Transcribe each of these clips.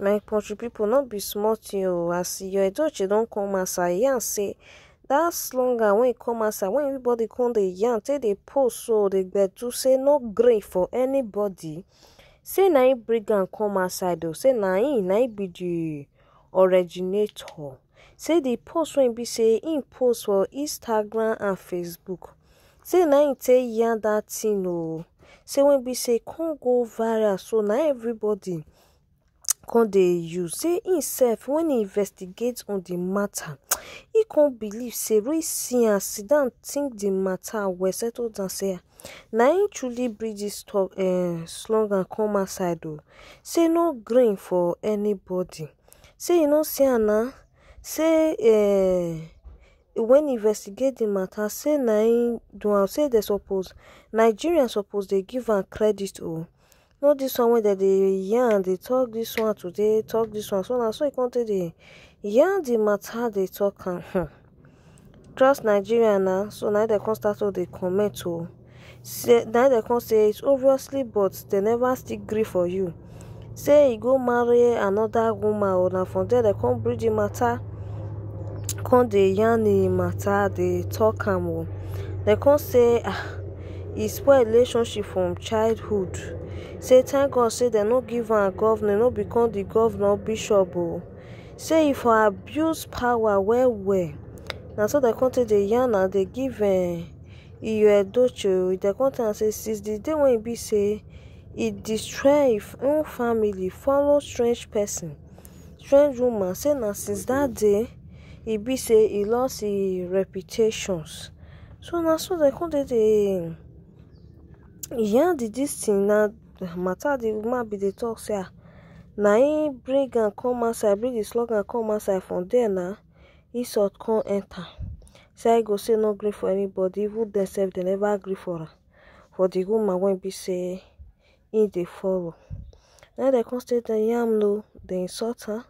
my country people no be small tin o as your edoche don come as i yarn say dat slogan wey come as when everybody come dey yarn take dey post so dey gbedu say no gree for anybody say na im bring am come outside o oh, say na im na im be the originator say di post wey be say im post for instagram and facebook say na im take yarn dat tin o oh. say wey be say come go viral so na everybody con dey use say imsef wen e investigate on di matter, e con believe say wey see am sidon think di matter well settle down say na im truly bring dis talk um eh, slogan come outside o oh. say no green for anybody say you no see am na say um eh, wen investigate di mata say na im do am say dey suppose nigeria suppose dey give am credit o oh know this one wey dem dey yarn dey talk this one today talk this one so na so e come take dey yarn di matter dey talk am hmm. trust nigeria na so na dem come start to dey comment o say na dem come say it's obviously but dem never still gree for you say e go marry another woman o na from there dem come bring the matter come dey yarn the matter dey talk am o dem come say ah e spoil relationship from childhood say thank god say dem no give am govnor no become di govnor bishop o say e for abuse power well well na so dem come take dey yarn am dey give eh, iye edochie dem come tell am say since di day wey e be say e destroy im own family follow strange person strange woman say na since dat day e be say e lost im reputation. so na so dem come dey dey yarn di dis thing na matter the woman be dey talk say ah na him bring am come outside bring the slug am come outside from there na insult come enter say i go say no gree for anybody even dem sef dem never gree for am for the woman wey be say he dey follow na dem come still dey yarn o dey insult am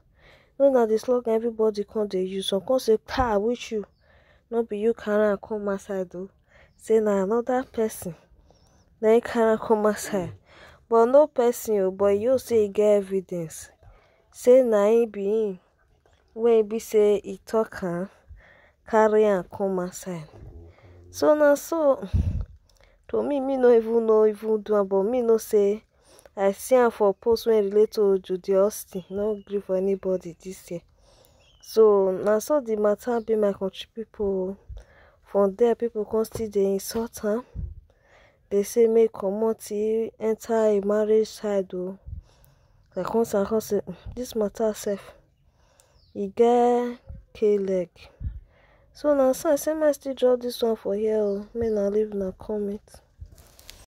no na the slug everybody come dey use some come say kai which you no be you carry am come outside o say na another person na him carry am come outside but no person, o but you say e get evidence say na im be im wey e be say e tok am carry am come outside so na so to me me no even know even do am but me know say i see am for post wey relate to judy austin no gree for anybody this year so na so the matter be my country people, from there people come still dey insult am gbese make comot e enter e marriage side o like once i come say this matter sef e get k leg so na sign say make i still drop this one for here o may una leave una comment.